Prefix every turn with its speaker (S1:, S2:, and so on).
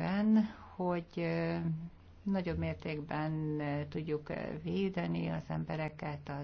S1: érdekében, hogy nagyobb mértékben tudjuk védeni az embereket, a